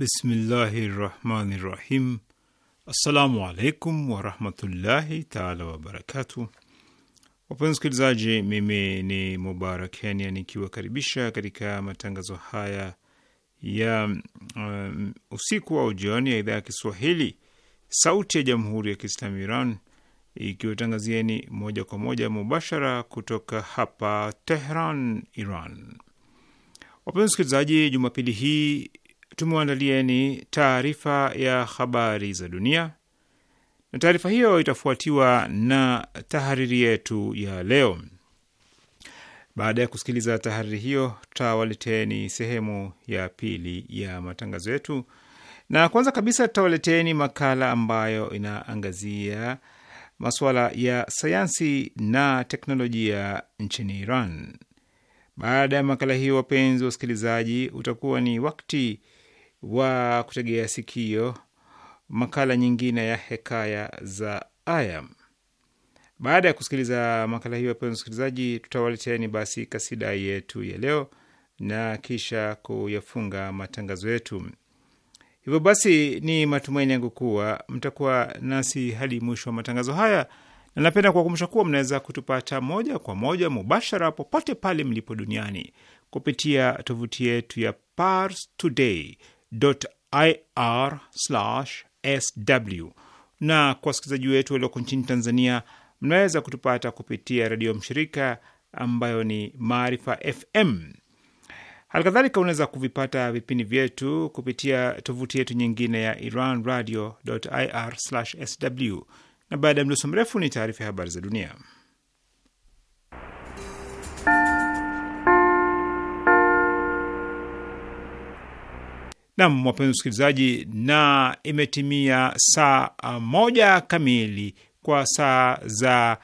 Bismillahi rahmani rahim. Assalamu alaikum warahmatullahi taala wabarakatu. Wapenzi wasikilizaji, mimi ni Mubarak Kenya nikiwakaribisha katika matangazo haya ya um, usiku au jioni ya idhaa ya Kiswahili Sauti ya Jamhuri ya Kiislamu Iran ikiwatangazieni moja kwa moja mubashara kutoka hapa Tehran, Iran. Wapenzi wasikilizaji, Jumapili hii tumewaandalieni taarifa ya habari za dunia, na taarifa hiyo itafuatiwa na tahariri yetu ya leo. Baada ya kusikiliza tahariri hiyo, tutawaleteni sehemu ya pili ya matangazo yetu, na kwanza kabisa tutawaleteni makala ambayo inaangazia masuala ya sayansi na teknolojia nchini Iran. Baada ya makala hiyo, wapenzi wa wasikilizaji, utakuwa ni wakati wa kutegea sikio makala nyingine ya Hekaya za Aya. Baada ya kusikiliza makala hiyo, wapenzi msikilizaji, tutawaleteni basi kasida yetu ya leo na kisha kuyafunga matangazo yetu. Hivyo basi, ni matumaini yangu kuwa mtakuwa nasi hadi mwisho wa matangazo haya, na napenda kuwakumbusha kuwa mnaweza kutupata moja kwa moja mubashara popote pale mlipo duniani kupitia tovuti yetu ya Pars Today ir/sw, na kwa wasikilizaji wetu walioko nchini Tanzania, mnaweza kutupata kupitia redio mshirika ambayo ni Maarifa FM. hali kadhalika unaweza kuvipata vipindi vyetu kupitia tovuti yetu nyingine ya iranradio.ir/sw. Na baada ya mdoso mrefu ni taarifa ya habari za dunia Nam, wapenzi msikilizaji, na imetimia saa ah, moja kamili kwa saa za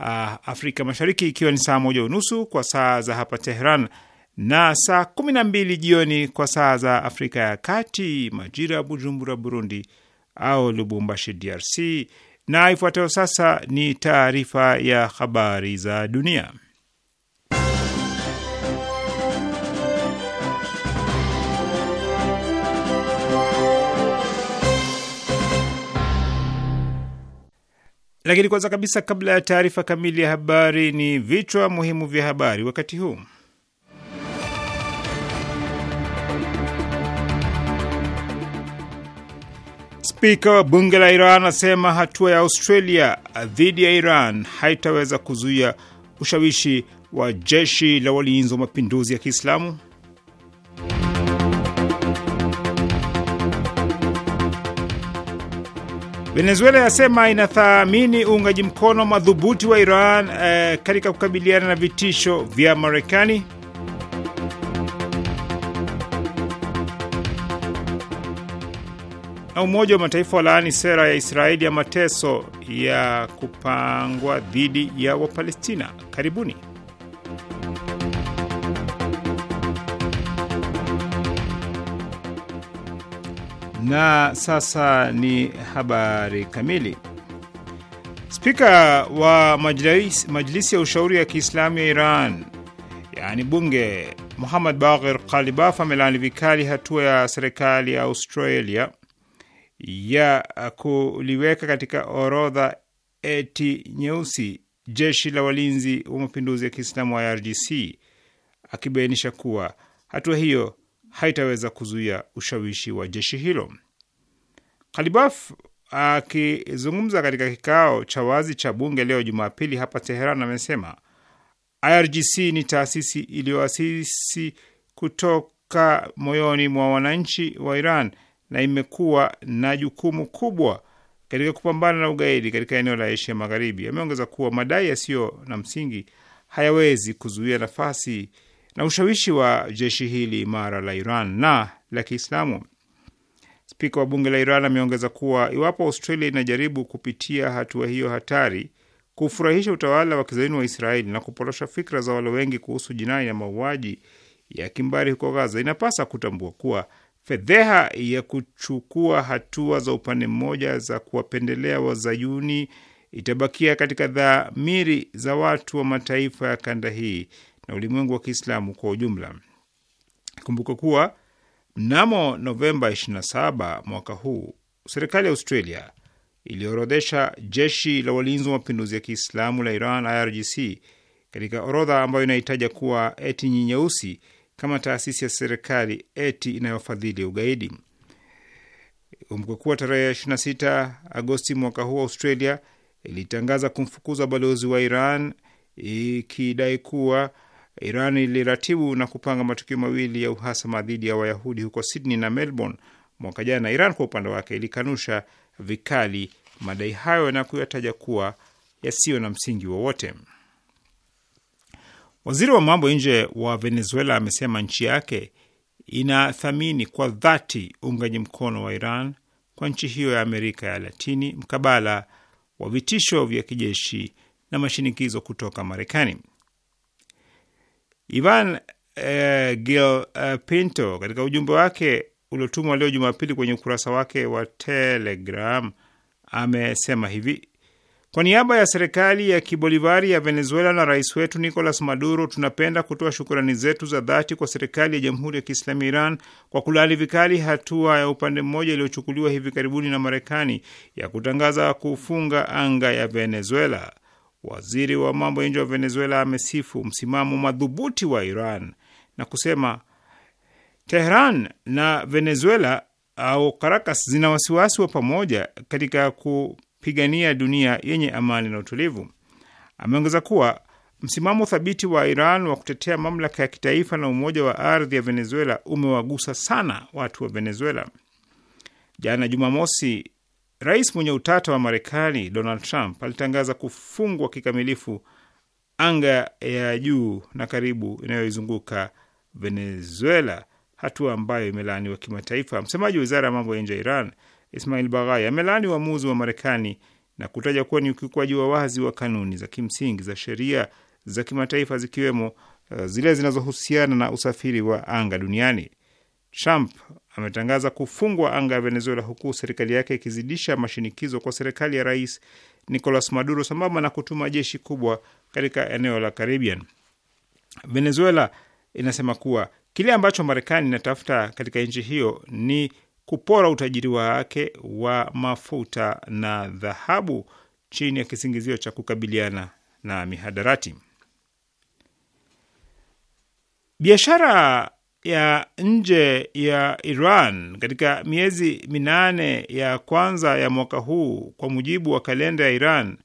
uh, Afrika Mashariki, ikiwa ni saa moja unusu kwa saa za hapa Teheran na saa kumi na mbili jioni kwa saa za Afrika ya Kati, majira ya Bujumbura Burundi au Lubumbashi DRC. Na ifuatayo sasa ni taarifa ya habari za dunia. Lakini kwanza kabisa, kabla ya taarifa kamili ya habari, ni vichwa muhimu vya habari wakati huu. Spika wa bunge la Iran anasema hatua ya Australia dhidi ya Iran haitaweza kuzuia ushawishi wa jeshi la walinzi wa mapinduzi ya Kiislamu. Venezuela yasema inathamini uungaji mkono madhubuti wa Iran eh, katika kukabiliana na vitisho vya Marekani. Na Umoja wa Mataifa walaani sera ya Israeli ya mateso ya kupangwa dhidi ya Wapalestina. Karibuni. Na sasa ni habari kamili. Spika wa majlis, Majlisi ya Ushauri ya Kiislamu ya Iran, yaani bunge, Muhammad Baqir Qalibaf amelaani vikali hatua ya serikali ya Australia ya kuliweka katika orodha eti nyeusi jeshi la walinzi wa mapinduzi ya Kiislamu wa IRGC akibainisha kuwa hatua hiyo haitaweza kuzuia ushawishi wa jeshi hilo. Kalibaf akizungumza katika kikao cha wazi cha bunge leo Jumapili hapa Teheran amesema IRGC ni taasisi iliyoasisi kutoka moyoni mwa wananchi wa Iran na imekuwa na jukumu kubwa katika kupambana na ugaidi katika eneo la Asia Magharibi. Ameongeza kuwa madai yasiyo na msingi hayawezi kuzuia nafasi na ushawishi wa jeshi hili imara la Iran na la Kiislamu. Spika wa bunge la Iran ameongeza kuwa iwapo Australia inajaribu kupitia hatua hiyo hatari kufurahisha utawala wa kizaini wa Israeli na kupotosha fikra za wale wengi kuhusu jinai na mauaji ya kimbari huko Gaza, inapasa kutambua kuwa fedheha ya kuchukua hatua za upande mmoja za kuwapendelea wazayuni itabakia katika dhamiri za watu wa mataifa ya kanda hii na ulimwengu wa Kiislamu kwa ujumla. Kumbuka kuwa mnamo Novemba 27 mwaka huu serikali ya Australia iliorodhesha jeshi la walinzi wa mapinduzi ya Kiislamu la Iran IRGC katika orodha ambayo inahitaja kuwa eti nyeusi kama taasisi ya serikali eti inayofadhili ugaidi. Kumbuka kuwa tarehe 26 Agosti mwaka huu Australia ilitangaza kumfukuza balozi wa Iran ikidai kuwa Iran iliratibu na kupanga matukio mawili ya uhasama dhidi ya Wayahudi huko Sydney na Melbourne mwaka jana. Iran kwa upande wake ilikanusha vikali madai hayo na kuyataja kuwa yasiyo na msingi wowote. Waziri wa mambo nje wa Venezuela amesema nchi yake inathamini kwa dhati uungaji mkono wa Iran kwa nchi hiyo ya Amerika ya Latini mkabala wa vitisho vya kijeshi na mashinikizo kutoka Marekani. Ivan eh, Gil eh, Pinto katika ujumbe wake uliotumwa leo Jumapili kwenye ukurasa wake wa Telegram amesema hivi: kwa niaba ya serikali ya kibolivari ya Venezuela na rais wetu Nicolas Maduro, tunapenda kutoa shukurani zetu za dhati kwa serikali ya Jamhuri ya Kiislamu ya Iran kwa kulaani vikali hatua ya upande mmoja iliyochukuliwa hivi karibuni na Marekani ya kutangaza kufunga anga ya Venezuela. Waziri wa mambo ya nje wa Venezuela amesifu msimamo madhubuti wa Iran na kusema Tehran na Venezuela au Caracas zina wasiwasi wa pamoja katika kupigania dunia yenye amani na utulivu. Ameongeza kuwa msimamo thabiti wa Iran wa kutetea mamlaka ya kitaifa na umoja wa ardhi ya Venezuela umewagusa sana watu wa Venezuela. Jana Jumamosi, Rais mwenye utata wa Marekani Donald Trump alitangaza kufungwa kikamilifu anga ya juu na karibu inayoizunguka Venezuela, hatua ambayo imelaaniwa kimataifa. Msemaji wa wizara ya mambo ya nje ya Iran Ismail Baghai amelaani uamuzi wa Marekani na kutaja kuwa ni ukiukwaji wa wazi wa kanuni za kimsingi za sheria za kimataifa zikiwemo eh, zile zinazohusiana na usafiri wa anga duniani. Trump ametangaza kufungwa anga ya Venezuela huku serikali yake ikizidisha mashinikizo kwa serikali ya rais Nicolas Maduro sambamba na kutuma jeshi kubwa katika eneo la Caribbean. Venezuela inasema kuwa kile ambacho Marekani inatafuta katika nchi hiyo ni kupora utajiri wake wa mafuta na dhahabu chini ya kisingizio cha kukabiliana na mihadarati. Biashara ya nje ya Iran katika miezi minane ya kwanza ya mwaka huu kwa mujibu wa kalenda ya Iran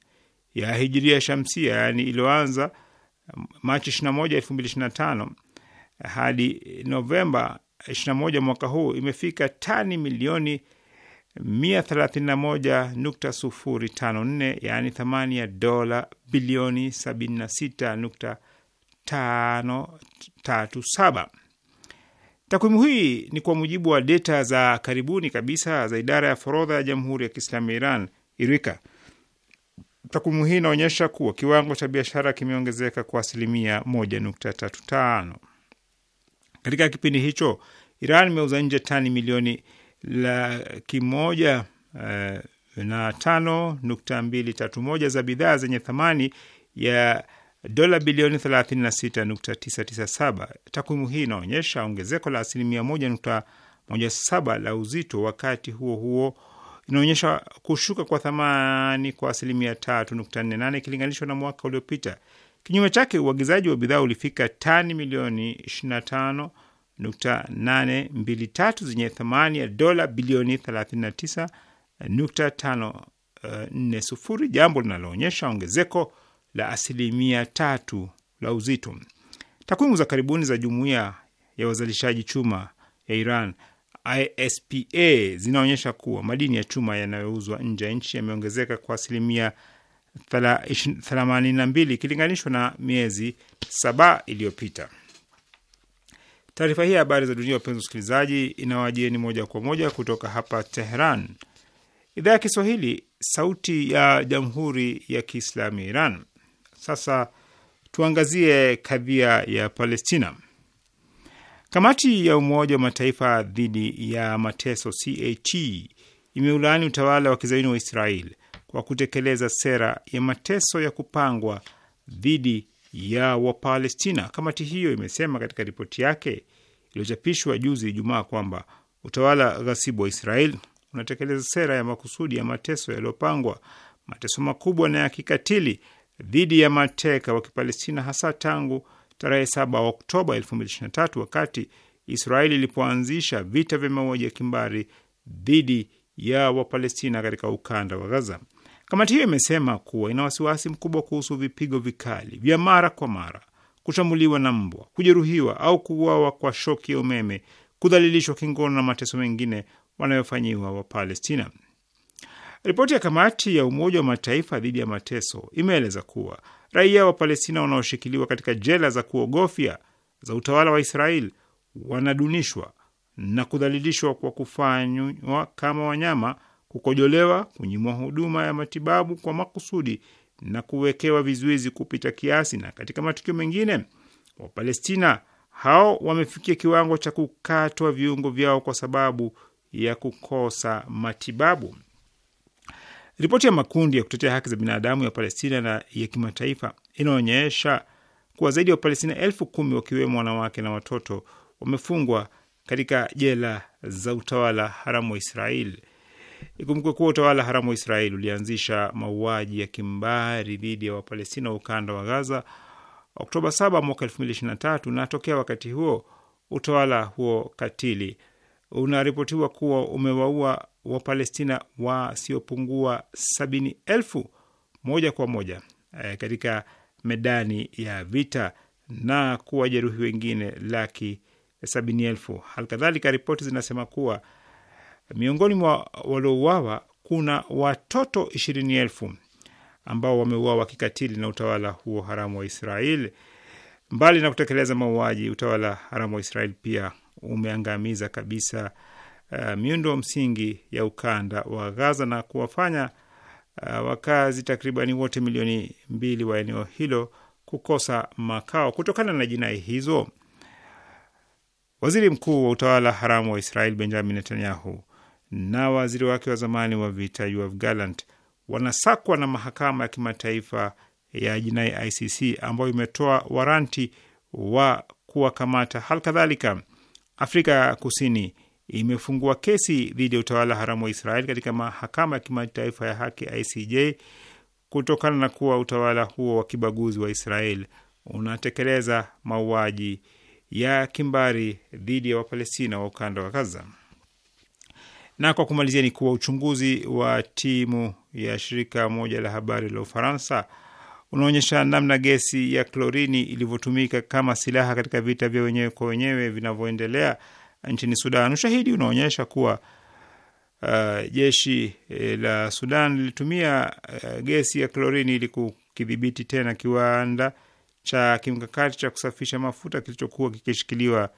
ya hijiria shamsia, yaani iliyoanza Machi 21, 2025 hadi Novemba 21 mwaka huu imefika tani milioni 131.054 yaani thamani ya dola bilioni 76.537. Takwimu hii ni kwa mujibu wa data za karibuni kabisa za idara ya forodha ya Jamhuri ya Kiislamu ya Iran, IRIKA. Takwimu hii inaonyesha kuwa kiwango cha biashara kimeongezeka kwa asilimia 1.35 katika kipindi hicho. Iran imeuza nje tani milioni laki moja eh, na tano nukta mbili tatu moja za bidhaa zenye thamani ya dola bilioni 36.997. Takwimu hii inaonyesha ongezeko la asilimia 1.17 la uzito. Wakati huo huo, inaonyesha kushuka kwa thamani kwa asilimia 3.48 ikilinganishwa na mwaka uliopita. Kinyume chake, uagizaji wa bidhaa ulifika tani milioni 25.823 zenye thamani ya dola bilioni eh, sufuri, jambo linaloonyesha ongezeko la asilimia tatu la uzito. Takwimu za karibuni za jumuiya ya wazalishaji chuma ya Iran ISPA zinaonyesha kuwa madini ya chuma yanayouzwa nje ya nchi yameongezeka kwa asilimia 82 ikilinganishwa na miezi saba iliyopita. Taarifa hii ya habari za dunia, wapenzi wasikilizaji, inawajieni moja kwa moja kutoka hapa Tehran, idhaa ya Kiswahili, sauti ya jamhuri ya kiislamu ya Iran. Sasa tuangazie kadhia ya Palestina. Kamati ya Umoja wa Mataifa dhidi ya mateso CAT imeulaani utawala wa kizaini wa Israel kwa kutekeleza sera ya mateso ya kupangwa dhidi ya Wapalestina. Kamati hiyo imesema katika ripoti yake iliyochapishwa juzi Ijumaa kwamba utawala ghasibu wa Israel unatekeleza sera ya makusudi ya mateso yaliyopangwa, mateso makubwa na ya kikatili dhidi ya mateka wa Kipalestina, hasa tangu tarehe 7 Oktoba 2023 wakati Israeli ilipoanzisha vita vya mauaji ya kimbari dhidi ya Wapalestina katika ukanda wa Gaza. Kamati hiyo imesema kuwa ina wasiwasi mkubwa kuhusu vipigo vikali vya mara kwa mara, kushambuliwa na mbwa, kujeruhiwa au kuuawa kwa shoki ya umeme, kudhalilishwa kingono na mateso mengine wanayofanyiwa Wapalestina. Ripoti ya kamati ya Umoja wa Mataifa dhidi ya mateso imeeleza kuwa raia wa Palestina wanaoshikiliwa katika jela za kuogofya za utawala wa israel wanadunishwa na kudhalilishwa kwa kufanywa kama wanyama, kukojolewa, kunyimwa huduma ya matibabu kwa makusudi na kuwekewa vizuizi kupita kiasi. Na katika matukio mengine, Wapalestina hao wamefikia kiwango cha kukatwa viungo vyao kwa sababu ya kukosa matibabu. Ripoti ya makundi ya kutetea haki za binadamu ya Palestina na ya kimataifa inaonyesha kuwa zaidi ya Wapalestina elfu kumi wakiwemo wanawake na watoto wamefungwa katika jela za utawala haramu wa Israel. Ikumbukwe kuwa utawala haramu wa Israel ulianzisha mauaji ya kimbari dhidi ya Wapalestina wa ukanda wa Gaza Oktoba 7 mwaka 2023 na tokea wakati huo utawala huo katili unaripotiwa kuwa umewaua Wapalestina wasiopungua sabini elfu moja kwa moja e, katika medani ya vita na kuwajeruhi wengine laki sabini elfu. Halikadhalika, ripoti zinasema kuwa miongoni mwa waliouawa kuna watoto ishirini elfu ambao wameuawa kikatili na utawala huo haramu wa Israeli. Mbali na kutekeleza mauaji, utawala haramu wa Israeli pia umeangamiza kabisa uh, miundo msingi ya ukanda wa Gaza na kuwafanya uh, wakazi takribani wote milioni mbili wa eneo hilo kukosa makao kutokana na jinai hizo. Waziri mkuu wa utawala haramu wa Israel Benjamin Netanyahu na waziri wake wa zamani wa vita Yoav Gallant wanasakwa na mahakama ya kimataifa ya jinai ICC ambayo imetoa waranti wa kuwakamata. Hali kadhalika Afrika Kusini imefungua kesi dhidi ya utawala haramu wa Israel katika mahakama ya kimataifa ya haki ICJ kutokana na kuwa utawala huo wa kibaguzi wa Israel unatekeleza mauaji ya kimbari dhidi ya Wapalestina wa ukanda wa Gaza. Na kwa kumalizia ni kuwa uchunguzi wa timu ya shirika moja la habari la Ufaransa unaonyesha namna gesi ya klorini ilivyotumika kama silaha katika vita vya wenyewe kwa wenyewe vinavyoendelea nchini Sudan. Ushahidi unaonyesha kuwa uh, jeshi eh, la Sudan lilitumia uh, gesi ya klorini ili kukidhibiti tena kiwanda cha kimkakati cha kusafisha mafuta kilichokuwa kikishikiliwa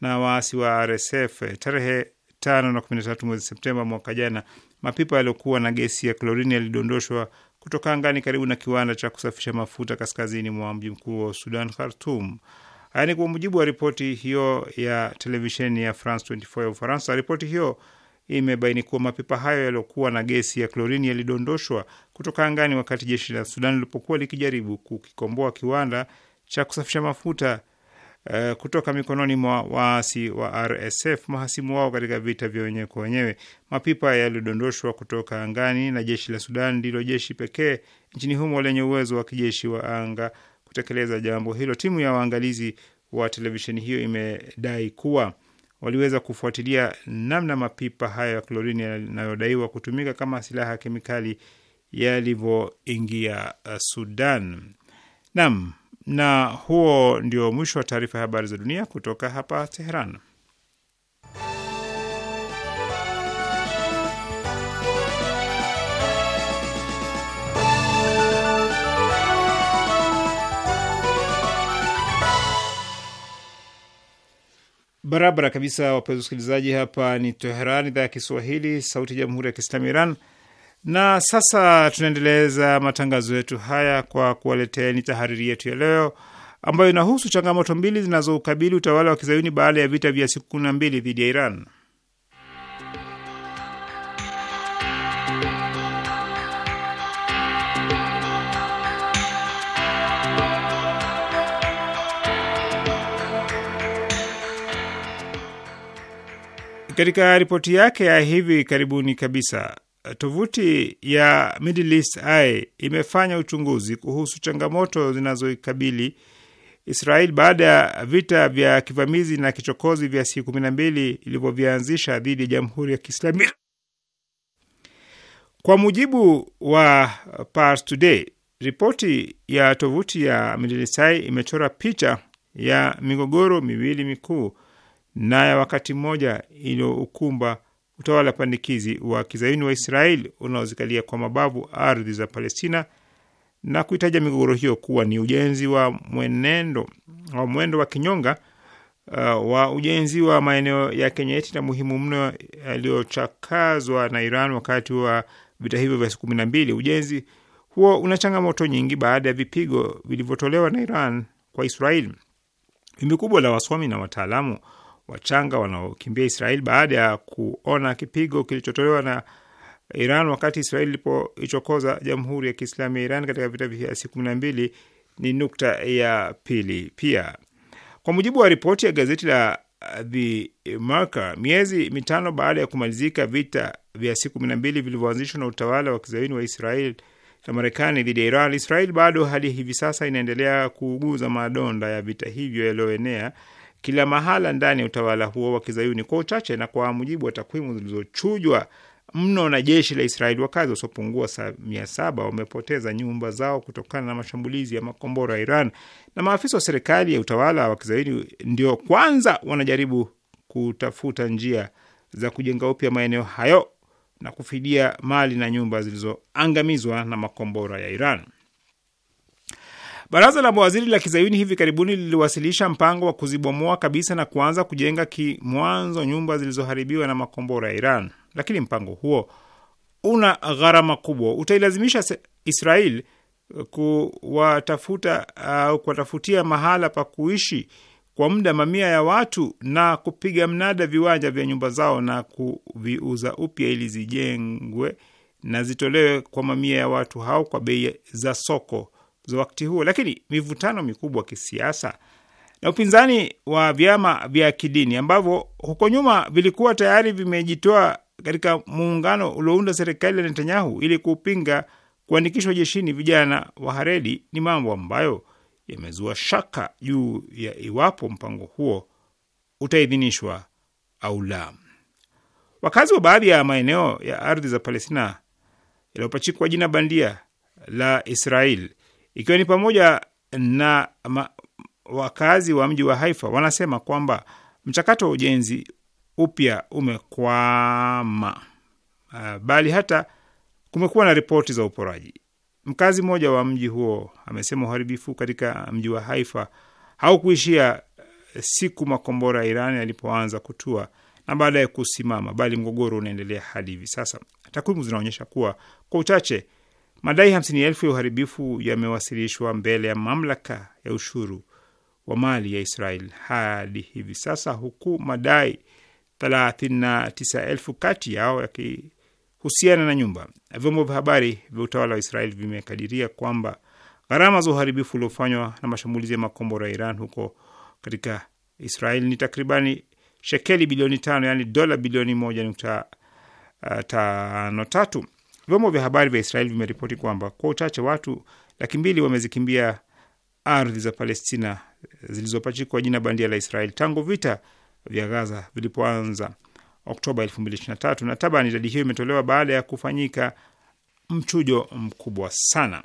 na waasi wa RSF tarehe 5 na 13 mwezi Septemba mwaka jana. Mapipa yaliyokuwa na gesi ya klorini yalidondoshwa kutoka angani karibu na kiwanda cha kusafisha mafuta kaskazini mwa mji mkuu wa Sudan, Khartum. Haya ni kwa mujibu wa ripoti hiyo ya televisheni ya France 24 ya Ufaransa. Ripoti hiyo imebaini kuwa mapipa hayo yaliyokuwa na gesi ya klorini yalidondoshwa kutoka angani wakati jeshi la Sudan lilipokuwa likijaribu kukikomboa kiwanda cha kusafisha mafuta Eh, kutoka mikononi mwa waasi wa RSF, mahasimu wao katika vita vya wenyewe kwa wenyewe. Mapipa yaliyodondoshwa kutoka angani na jeshi la Sudan ndilo jeshi pekee nchini humo lenye uwezo wa kijeshi wa anga kutekeleza jambo hilo. Timu ya waangalizi wa televisheni hiyo imedai kuwa waliweza kufuatilia namna mapipa hayo ya klorini yanayodaiwa kutumika kama silaha ya kemikali yalivyoingia Sudan. Naam, na huo ndio mwisho wa taarifa ya habari za dunia kutoka hapa Teheran. Barabara kabisa, wapenzi wasikilizaji, hapa ni Teheran, idhaa ya Kiswahili, sauti ya jamhuri ya kiislamu Iran. Na sasa tunaendeleza matangazo yetu haya kwa kuwaleteeni tahariri yetu ya leo ambayo inahusu changamoto mbili zinazoukabili utawala wa kizayuni baada ya vita vya siku kumi na mbili dhidi ya Iran. Katika ripoti yake ya hivi karibuni kabisa tovuti ya Middle East Eye imefanya uchunguzi kuhusu changamoto zinazoikabili Israel baada ya vita vya kivamizi na kichokozi vya siku kumi na mbili ilivyovianzisha dhidi ya Jamhuri ya Kiislami. Kwa mujibu wa Pars Today, ripoti ya tovuti ya Middle East Eye imechora picha ya migogoro miwili mikuu na ya wakati mmoja iliyoukumba utawala pandikizi wa kizayuni wa israel unaozikalia kwa mabavu ardhi za Palestina na kuitaja migogoro hiyo kuwa ni ujenzi wa mwenendo wa mwendo wa kinyonga uh, wa ujenzi wa maeneo ya Kenya yetu na muhimu mno yaliyochakazwa na Iran wakati wa vita hivyo vya siku kumi na mbili. Ujenzi huo una changamoto nyingi baada ya vipigo vilivyotolewa na Iran kwa israel Wimbi kubwa la wasomi na wataalamu wachanga wanaokimbia Israel baada ya kuona kipigo kilichotolewa na Iran wakati Israel ilipoichokoza Jamhuri ya Kiislamu ya Iran katika vita vya siku kumi na mbili ni nukta ya pili. Pia kwa mujibu wa ripoti ya gazeti la The Marker, miezi mitano baada ya kumalizika vita vya siku kumi na mbili vilivyoanzishwa na utawala wa kizayuni wa Israel na Marekani dhidi ya Iran, Israel bado hadi hivi sasa inaendelea kuuguza madonda ya vita hivyo yaliyoenea kila mahala ndani ya utawala huo wa kizayuni. Kwa uchache na kwa mujibu wa takwimu zilizochujwa mno na jeshi la Israeli, wakazi wasiopungua mia saba wamepoteza nyumba zao kutokana na mashambulizi ya makombora ya Iran, na maafisa wa serikali ya utawala wa kizayuni ndio kwanza wanajaribu kutafuta njia za kujenga upya maeneo hayo na kufidia mali na nyumba zilizoangamizwa na makombora ya Iran. Baraza la mawaziri la kizayuni hivi karibuni liliwasilisha mpango wa kuzibomoa kabisa na kuanza kujenga kimwanzo nyumba zilizoharibiwa na makombora ya Iran, lakini mpango huo una gharama kubwa, utailazimisha Israel eh, kuwatafuta au uh, kuwatafutia mahala pa kuishi kwa muda mamia ya watu na kupiga mnada viwanja vya nyumba zao na kuviuza upya ili zijengwe na zitolewe kwa mamia ya watu hao kwa bei za soko za wakati huo, lakini mivutano mikubwa kisiasa na upinzani wa vyama vya kidini ambavyo huko nyuma vilikuwa tayari vimejitoa katika muungano uliounda serikali ya Netanyahu ili kupinga kuandikishwa jeshini vijana wa Haredi ni mambo ambayo yamezua shaka juu ya iwapo mpango huo utaidhinishwa au la. Wakazi wa baadhi ya maeneo ya ardhi za Palestina yaliyopachikwa jina bandia la Israel ikiwa ni pamoja na ma, wakazi wa mji wa Haifa wanasema kwamba mchakato wa ujenzi upya umekwama, ah, bali hata kumekuwa na ripoti za uporaji. Mkazi mmoja wa mji huo amesema uharibifu katika mji wa Haifa haukuishia eh, siku makombora ya Iran yalipoanza kutua na baadaye kusimama, bali mgogoro unaendelea hadi hivi sasa. Takwimu zinaonyesha kuwa kwa uchache Madai hamsini elfu ya uharibifu yamewasilishwa mbele ya mamlaka ya ushuru wa mali ya Israel hadi hivi sasa, huku madai thelathini na tisa elfu kati yao yakihusiana na nyumba. Vyombo vya habari vya utawala wa Israel vimekadiria kwamba gharama za uharibifu uliofanywa na mashambulizi ya makombora ya Iran huko katika Israel ni takribani shekeli bilioni tano, yani dola bilioni moja nukta tano tatu. Vyombo vya habari vya Israeli vimeripoti kwamba kwa uchache watu laki mbili wamezikimbia ardhi za Palestina zilizopachikwa jina bandia la Israeli tangu vita vya Gaza vilipoanza Oktoba 2023 na taban idadi hiyo imetolewa baada ya kufanyika mchujo mkubwa sana.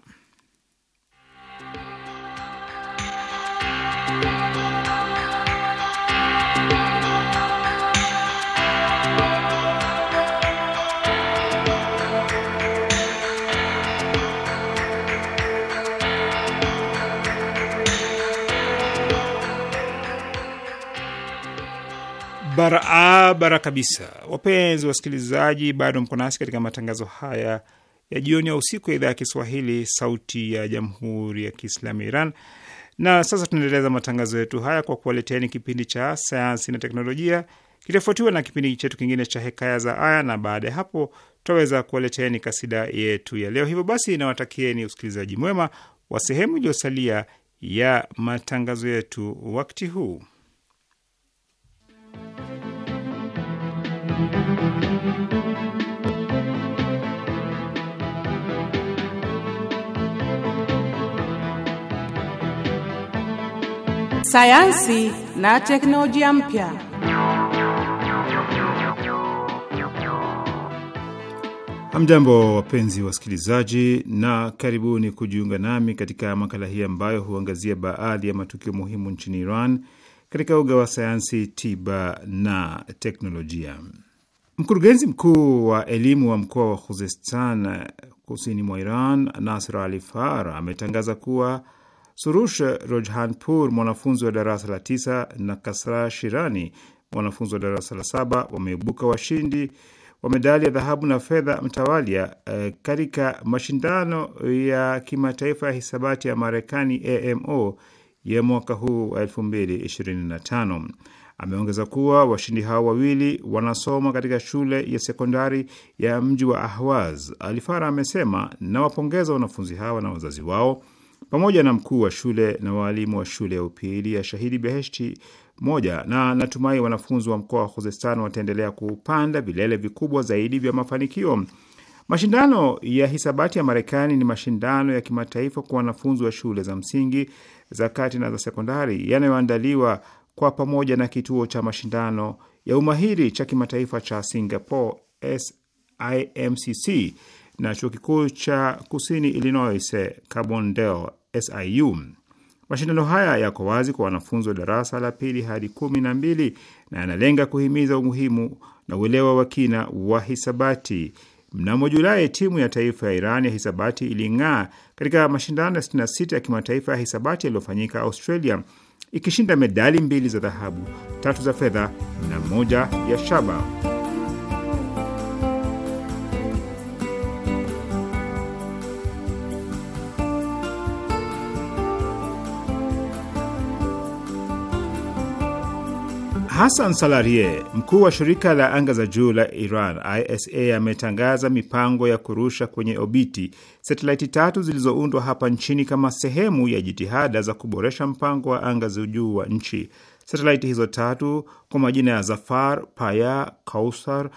barabara kabisa. Wapenzi wasikilizaji, bado mko nasi katika matangazo haya ya jioni ya usiku ya idhaa ya Kiswahili, Sauti ya Jamhuri ya Kiislamu ya Iran. Na sasa tunaendeleza matangazo yetu haya kwa kuwaleteani kipindi cha sayansi na teknolojia, kitafuatiwa na kipindi chetu kingine cha Hekaya za Aya, na baada ya hapo tutaweza kuwaleteani kasida yetu ya leo. Hivyo basi, nawatakieni usikilizaji mwema wa sehemu iliyosalia ya matangazo yetu wakati huu. Sayansi na teknolojia mpya. Hamjambo wapenzi wasikilizaji, na karibuni kujiunga nami katika makala hii ambayo huangazia baadhi ya matukio muhimu nchini Iran katika uga wa sayansi, tiba na teknolojia. Mkurugenzi mkuu wa elimu wa mkoa wa Khuzestan kusini mwa Iran, Nasr Ali far ametangaza kuwa Surush Rojhanpur, mwanafunzi wa darasa la tisa na Kasra Shirani, mwanafunzi wa darasa la saba wameibuka washindi wa medali ya dhahabu na fedha mtawalia eh, katika mashindano ya kimataifa ya hisabati ya Marekani AMO ya mwaka huu wa 2025. Ameongeza kuwa washindi hao wawili wanasoma katika shule ya sekondari ya mji wa Ahwaz. Alifara amesema, nawapongeza wanafunzi hawa na wazazi wao pamoja na mkuu wa shule na waalimu wa shule ya upili ya Shahidi Beheshti moja, na natumai wanafunzi wa mkoa wa Khuzestan wataendelea kupanda vilele vikubwa zaidi vya mafanikio. Mashindano ya hisabati ya Marekani ni mashindano ya kimataifa kwa wanafunzi wa shule za msingi za kati na za sekondari yanayoandaliwa kwa pamoja na kituo cha mashindano ya umahiri cha kimataifa cha Singapore SIMCC na chuo kikuu cha kusini Illinois Carbondale SIU. Mashindano haya yako wazi kwa wanafunzi wa darasa la pili hadi kumi na mbili na yanalenga kuhimiza umuhimu na uelewa wa kina wa hisabati. Mnamo Julai, timu ya taifa ya Iran ya hisabati iling'aa katika mashindano ya 66 ya kimataifa ya hisabati yaliyofanyika Australia, ikishinda medali mbili za dhahabu, tatu za fedha na moja ya shaba. Hassan Salarie, mkuu wa shirika la anga za juu la Iran ISA, ametangaza mipango ya kurusha kwenye obiti satelaiti tatu zilizoundwa hapa nchini kama sehemu ya jitihada za kuboresha mpango wa anga za juu wa nchi. Satelaiti hizo tatu kwa majina ya Zafar, Paya, Kausar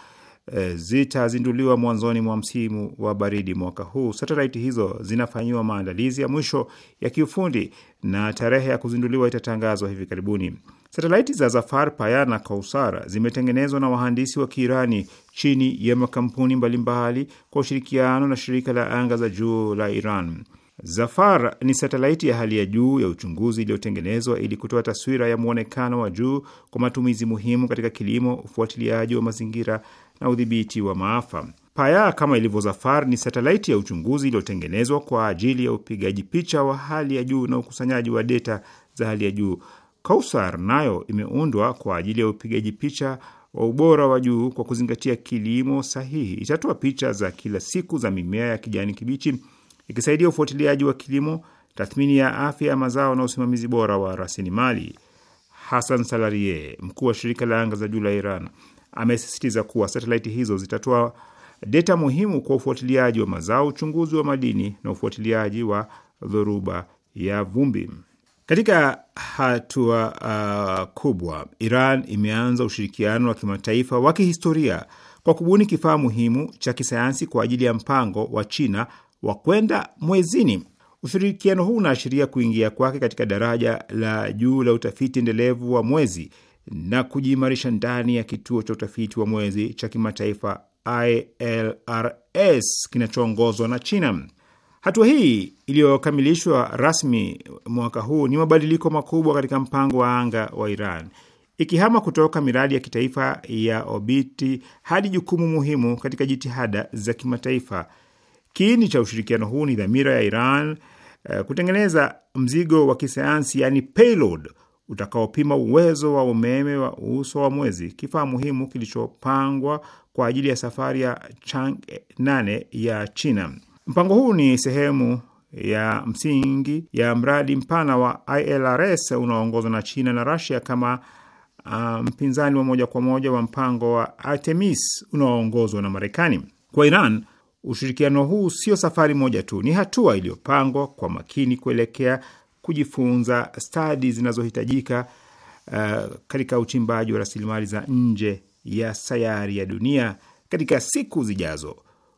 eh, zitazinduliwa mwanzoni mwa msimu wa baridi mwaka huu. Satelaiti hizo zinafanyiwa maandalizi ya mwisho ya kiufundi na tarehe ya kuzinduliwa itatangazwa hivi karibuni. Satelaiti za Zafar, Paya na Kausara zimetengenezwa na wahandisi wa Kiirani chini ya makampuni mbalimbali kwa ushirikiano na shirika la anga za juu la Iran. Zafar ni satelaiti ya hali ya juu ya uchunguzi iliyotengenezwa ili kutoa taswira ya mwonekano wa juu kwa matumizi muhimu katika kilimo, ufuatiliaji wa mazingira na udhibiti wa maafa. Paya kama ilivyo Zafar ni satelaiti ya uchunguzi iliyotengenezwa kwa ajili ya upigaji picha wa hali ya juu na ukusanyaji wa deta za hali ya juu Kausar nayo imeundwa kwa ajili ya upigaji picha wa ubora wa juu kwa kuzingatia kilimo sahihi. Itatoa picha za kila siku za mimea ya kijani kibichi, ikisaidia ufuatiliaji wa kilimo, tathmini ya afya ya mazao na usimamizi bora wa rasilimali. Hassan Salarie, mkuu wa shirika la anga za juu la Iran, amesisitiza kuwa satelaiti hizo zitatoa deta muhimu kwa ufuatiliaji wa mazao, uchunguzi wa madini na ufuatiliaji wa dhoruba ya vumbi. Katika hatua uh, kubwa, Iran imeanza ushirikiano wa kimataifa wa kihistoria kwa kubuni kifaa muhimu cha kisayansi kwa ajili ya mpango wa China wa kwenda mwezini. Ushirikiano huu unaashiria kuingia kwake katika daraja la juu la utafiti endelevu wa mwezi na kujiimarisha ndani ya kituo cha utafiti wa mwezi cha kimataifa ILRS kinachoongozwa na China. Hatua hii iliyokamilishwa rasmi mwaka huu ni mabadiliko makubwa katika mpango wa anga wa Iran, ikihama kutoka miradi ya kitaifa ya obiti hadi jukumu muhimu katika jitihada za kimataifa. Kiini cha ushirikiano huu ni dhamira ya Iran uh, kutengeneza mzigo wa kisayansi yani payload utakaopima uwezo wa umeme wa uso wa mwezi, kifaa muhimu kilichopangwa kwa ajili ya safari ya Chang 8 ya China. Mpango huu ni sehemu ya msingi ya mradi mpana wa ILRS unaoongozwa na China na Russia kama uh, mpinzani wa moja kwa moja wa mpango wa Artemis unaoongozwa na Marekani. Kwa Iran, ushirikiano huu sio safari moja tu, ni hatua iliyopangwa kwa makini kuelekea kujifunza stadi zinazohitajika uh, katika uchimbaji wa rasilimali za nje ya sayari ya dunia katika siku zijazo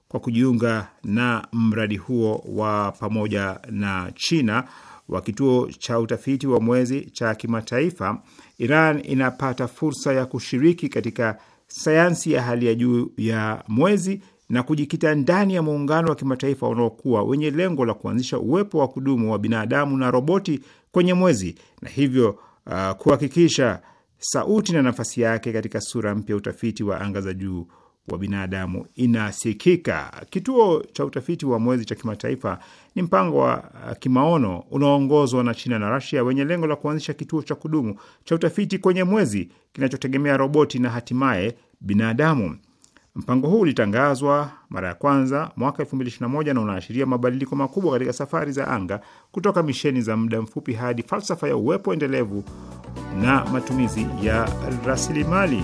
kwa kujiunga na mradi huo wa pamoja na China wa kituo cha utafiti wa mwezi cha kimataifa, Iran inapata fursa ya kushiriki katika sayansi ya hali ya juu ya mwezi na kujikita ndani ya muungano wa kimataifa unaokuwa wenye lengo la kuanzisha uwepo wa kudumu wa binadamu na roboti kwenye mwezi na hivyo uh, kuhakikisha sauti na nafasi yake katika sura mpya utafiti wa anga za juu wa binadamu inasikika. Kituo cha utafiti wa mwezi cha kimataifa ni mpango wa uh, kimaono unaoongozwa na China na Rasia wenye lengo la kuanzisha kituo cha kudumu cha utafiti kwenye mwezi kinachotegemea roboti na hatimaye binadamu. Mpango huu ulitangazwa mara ya kwanza mwaka 2021 na unaashiria mabadiliko makubwa katika safari za anga kutoka misheni za muda mfupi hadi falsafa ya uwepo endelevu na matumizi ya rasilimali.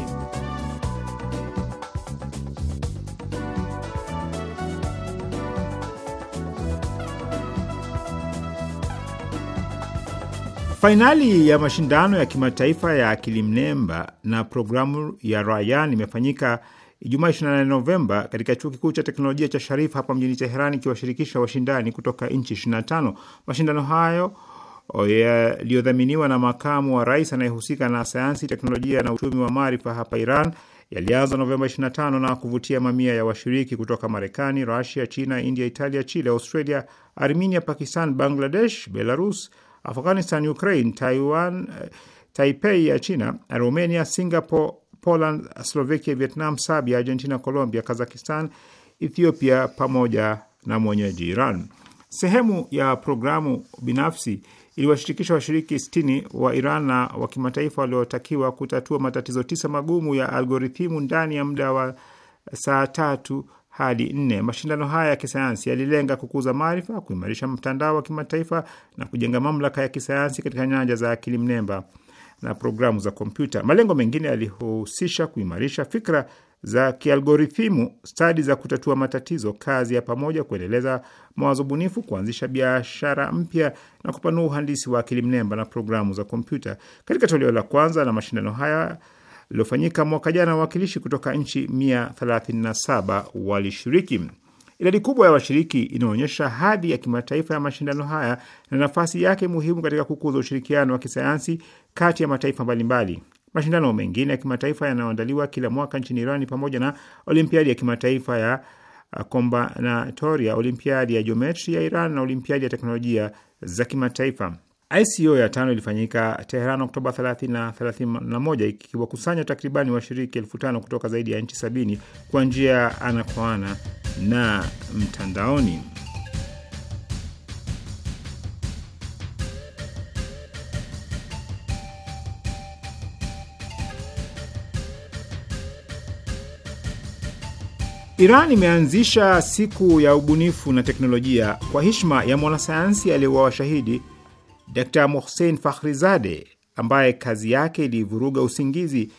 Fainali ya mashindano ya kimataifa ya akili mnemba na programu ya Rayan imefanyika Ijumaa 28 Novemba katika chuo kikuu cha teknolojia cha Sharif hapa mjini Teheran, ikiwashirikisha washindani kutoka nchi 25. Mashindano hayo oh, yaliyodhaminiwa na makamu wa rais anayehusika na sayansi, teknolojia na uchumi wa maarifa hapa Iran yalianza Novemba 25 na kuvutia mamia ya washiriki kutoka Marekani, Rusia, China, India, Italia, Chile, Australia, Armenia, Pakistan, Bangladesh, Belarus, Afghanistan, Ukraine, Taiwan, eh, Taipei ya China, Romania, Singapore, Poland, Slovakia, Vietnam, Serbia, Argentina, Colombia, Kazakhstan, Ethiopia pamoja na mwenyeji Iran. Sehemu ya programu binafsi iliwashirikisha washiriki 60 wa Iran na wa kimataifa waliotakiwa kutatua matatizo tisa magumu ya algorithimu ndani ya muda wa saa tatu hadi nne. Mashindano haya ya kisayansi yalilenga kukuza maarifa, kuimarisha mtandao wa kimataifa na kujenga mamlaka ya kisayansi katika nyanja za akili mnemba na programu za kompyuta. Malengo mengine yalihusisha kuimarisha fikra za kialgorithimu, stadi za kutatua matatizo, kazi ya pamoja, kuendeleza mawazo bunifu, kuanzisha biashara mpya na kupanua uhandisi wa akili mnemba na programu za kompyuta. Katika toleo la kwanza la mashindano haya lililofanyika mwaka jana, wawakilishi kutoka nchi 137 walishiriki. Idadi kubwa ya washiriki inaonyesha hadhi ya kimataifa ya mashindano haya na nafasi yake muhimu katika kukuza ushirikiano wa kisayansi kati ya mataifa mbalimbali. Mashindano mengine ya kimataifa yanayoandaliwa kila mwaka nchini Iran ni pamoja na olimpiadi ya kimataifa ya uh, kombanatoria, olimpiadi ya jiometri ya Iran na olimpiadi ya teknolojia za kimataifa. ICO ya tano ilifanyika Teheran Oktoba 30 na 31 ikiwakusanya takribani washiriki elfu tano kutoka zaidi ya nchi sabini kwa njia ya ana kwa ana na mtandaoni. Iran imeanzisha siku ya ubunifu na teknolojia kwa hishma ya mwanasayansi aliyeuawa shahidi Dr Mohsen Fakhrizade ambaye kazi yake ilivuruga usingizi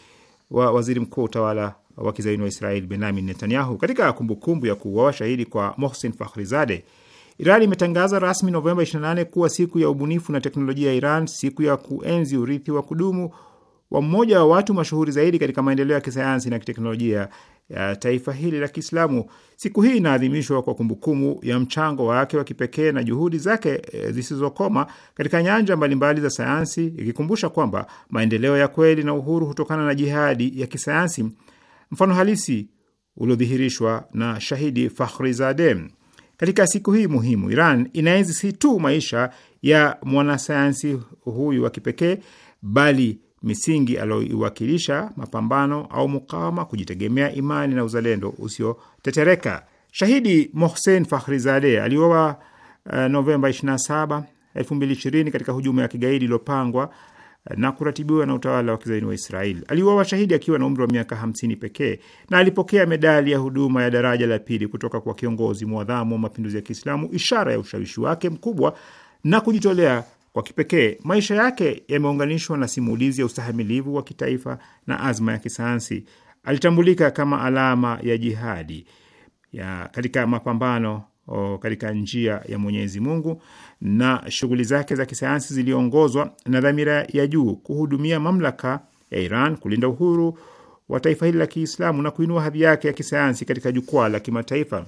wa waziri mkuu wa utawala wa kizaini wa Israel benamin Netanyahu. Katika kumbukumbu ya kuuawa shahidi kwa Mohsen Fakhrizade, Iran imetangaza rasmi Novemba 28 kuwa siku ya ubunifu na teknolojia ya Iran, siku ya kuenzi urithi wa kudumu wa mmoja wa watu mashuhuri zaidi katika maendeleo ya kisayansi na kiteknolojia ya taifa hili la Kiislamu. Siku hii inaadhimishwa kwa kumbukumbu ya mchango wake wa kipekee na juhudi zake e, zisizokoma katika nyanja mbalimbali za sayansi, ikikumbusha kwamba maendeleo ya kweli na uhuru hutokana na jihadi ya kisayansi, mfano halisi uliodhihirishwa na shahidi Fakhrizadeh. Katika siku hii muhimu, Iran inaenzi si tu maisha ya mwanasayansi huyu wa kipekee, bali misingi aliyoiwakilisha mapambano au mukawama, kujitegemea, imani na uzalendo usiotetereka. Shahidi Mohsen Fakhrizadeh aliuawa uh, eh, Novemba 27, 2020 katika hujuma ya kigaidi iliyopangwa eh, na kuratibiwa na utawala wa kizaini wa Israeli. Aliuawa shahidi akiwa na umri wa miaka 50 pekee na alipokea medali ya huduma ya daraja la pili kutoka kwa kiongozi mwadhamu wa mapinduzi ya Kiislamu, ishara ya ushawishi wake mkubwa na kujitolea kwa kipekee. Maisha yake yameunganishwa na simulizi ya ustahamilivu wa kitaifa na azma ya kisayansi. Alitambulika kama alama ya jihadi ya katika mapambano o, katika njia ya Mwenyezi Mungu, na shughuli zake za kisayansi ziliongozwa na dhamira ya juu kuhudumia mamlaka ya Iran, kulinda uhuru wa taifa hili la Kiislamu na kuinua hadhi yake ya kisayansi katika jukwaa la kimataifa.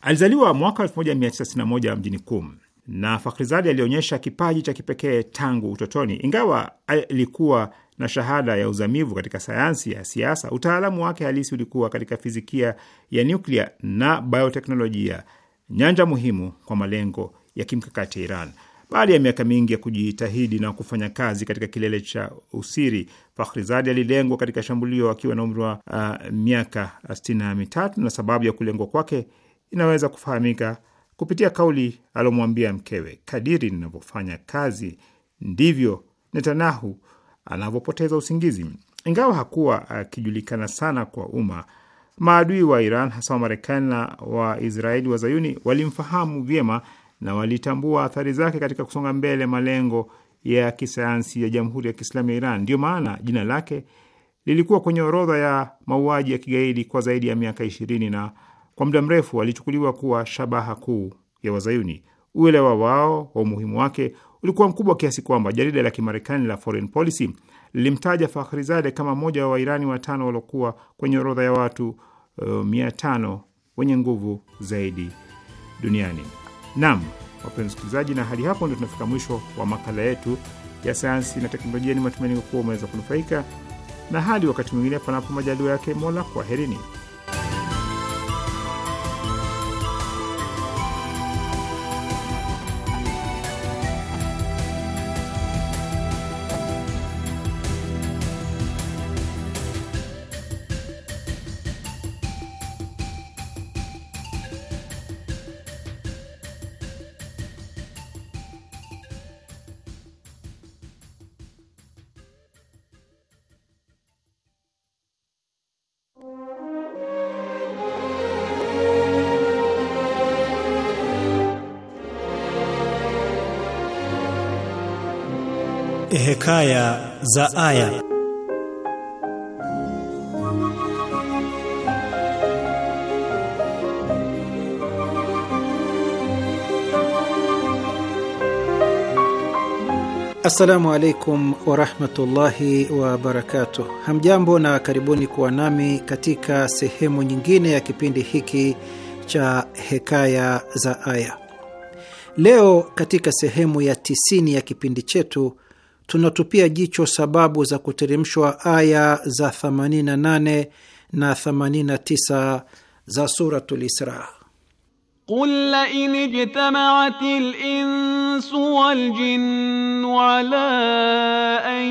Alizaliwa mwaka 1961 mjini Kum na Fakhrizadi alionyesha kipaji cha kipekee tangu utotoni. Ingawa alikuwa na shahada ya uzamivu katika sayansi ya siasa, utaalamu wake halisi ulikuwa katika fizikia ya nyuklia na bioteknolojia, nyanja muhimu kwa malengo ya kimkakati ya Iran. Baada ya miaka mingi ya kujitahidi na kufanya kazi katika kilele cha usiri, Fakhrizadi alilengwa katika shambulio akiwa na umri wa uh, miaka sitini na mitatu, na sababu ya kulengwa kwake inaweza kufahamika kupitia kauli alomwambia mkewe, kadiri ninavyofanya kazi ndivyo Netanyahu anavyopoteza usingizi. Ingawa hakuwa akijulikana sana kwa umma, maadui wa Iran hasa Wamarekani na Waisraeli wa Zayuni walimfahamu vyema na walitambua athari zake katika kusonga mbele malengo ya kisayansi ya Jamhuri ya Kiislamu ya Iran. Ndiyo maana jina lake lilikuwa kwenye orodha ya mauaji ya kigaidi kwa zaidi ya miaka ishirini na kwa muda mrefu walichukuliwa kuwa shabaha kuu ya Wazayuni. Uelewa wao wa umuhimu wake ulikuwa mkubwa kiasi kwamba jarida la Kimarekani la Foreign Policy lilimtaja Fakhrizade kama mmoja wa Wairani watano waliokuwa kwenye orodha ya watu uh, mia tano wenye nguvu zaidi duniani. Nam, wapenzi wasikilizaji, na hadi hapo ndio tunafika mwisho wa makala yetu ya sayansi na teknolojia. Ni matumaini kuwa umeweza kunufaika, na hadi wakati mwingine, panapo majaliwa yake Mola, kwaherini. E, Hekaya za Aya. Assalamu alaikum warahmatullahi wabarakatuh. Hamjambo na karibuni kuwa nami katika sehemu nyingine ya kipindi hiki cha Hekaya za Aya. Leo katika sehemu ya tisini ya kipindi chetu tunatupia jicho sababu za kuteremshwa aya za 88 na 89 za Suratul Isra. Qul la in ijtama'atil insu wal jinnu ala an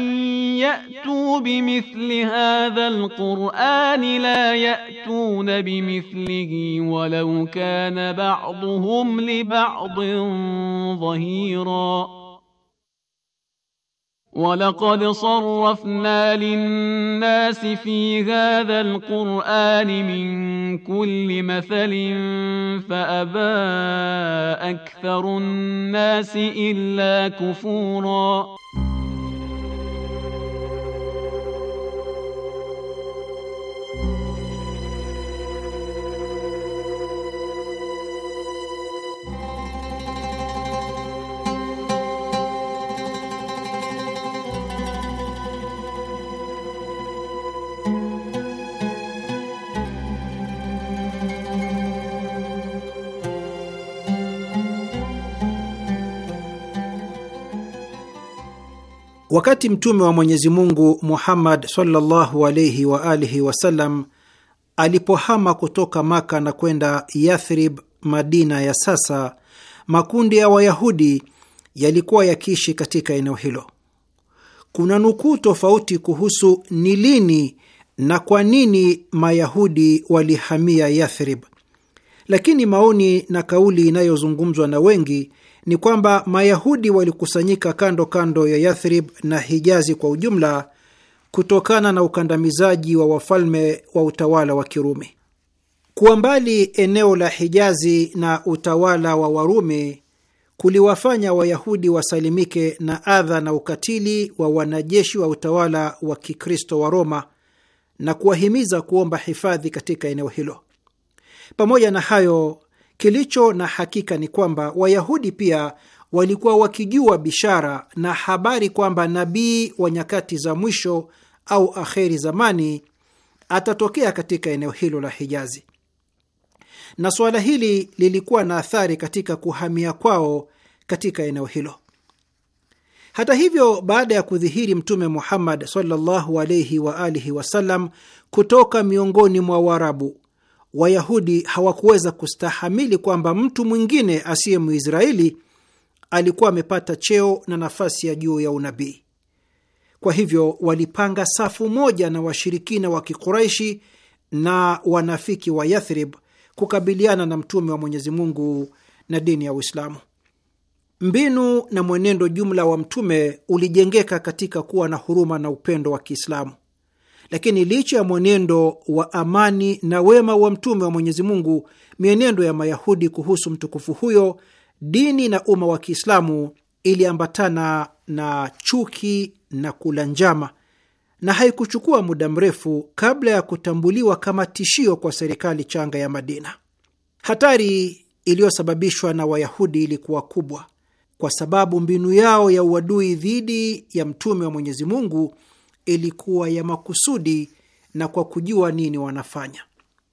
ya'tu bimithli hadha alqur'ani la ya'tuna bimithlihi walau kana ba'dhum li ba'dhin dhahira ولقد صرفنا للناس في هذا القران من كل مثل فابى اكثر الناس الا كفورا Wakati mtume wa Mwenyezi Mungu Muhammad sallallahu alayhi wa alihi wasallam alipohama kutoka Maka na kwenda Yathrib, Madina ya sasa, makundi ya Wayahudi yalikuwa yakiishi katika eneo hilo. Kuna nukuu tofauti kuhusu ni lini na kwa nini Mayahudi walihamia Yathrib, lakini maoni na kauli inayozungumzwa na wengi ni kwamba Mayahudi walikusanyika kando kando ya Yathrib na Hijazi kwa ujumla kutokana na ukandamizaji wa wafalme wa utawala wa Kirumi. Kuwa mbali eneo la Hijazi na utawala wa Warumi kuliwafanya Wayahudi wasalimike na adha na ukatili wa wanajeshi wa utawala wa Kikristo wa Roma na kuwahimiza kuomba hifadhi katika eneo hilo. Pamoja na hayo, Kilicho na hakika ni kwamba Wayahudi pia walikuwa wakijua bishara na habari kwamba nabii wa nyakati za mwisho au akheri zamani atatokea katika eneo hilo la Hijazi, na suala hili lilikuwa na athari katika kuhamia kwao katika eneo hilo. Hata hivyo, baada ya kudhihiri Mtume Muhammad sallallahu alaihi wa alihi wasallam kutoka miongoni mwa Waarabu, Wayahudi hawakuweza kustahamili kwamba mtu mwingine asiye Mwisraeli alikuwa amepata cheo na nafasi ya juu ya unabii. Kwa hivyo walipanga safu moja na washirikina wa Kikuraishi na wanafiki wa Yathrib kukabiliana na mtume wa Mwenyezi Mungu na dini ya Uislamu. Mbinu na mwenendo jumla wa mtume ulijengeka katika kuwa na huruma na upendo wa Kiislamu. Lakini licha ya mwenendo wa amani na wema wa mtume wa Mwenyezi Mungu, mienendo ya Mayahudi kuhusu mtukufu huyo, dini na umma wa Kiislamu iliambatana na chuki na kula njama, na haikuchukua muda mrefu kabla ya kutambuliwa kama tishio kwa serikali changa ya Madina. Hatari iliyosababishwa na Wayahudi ilikuwa kubwa, kwa sababu mbinu yao ya uadui dhidi ya mtume wa Mwenyezi Mungu ilikuwa ya makusudi na kwa kujua nini wanafanya.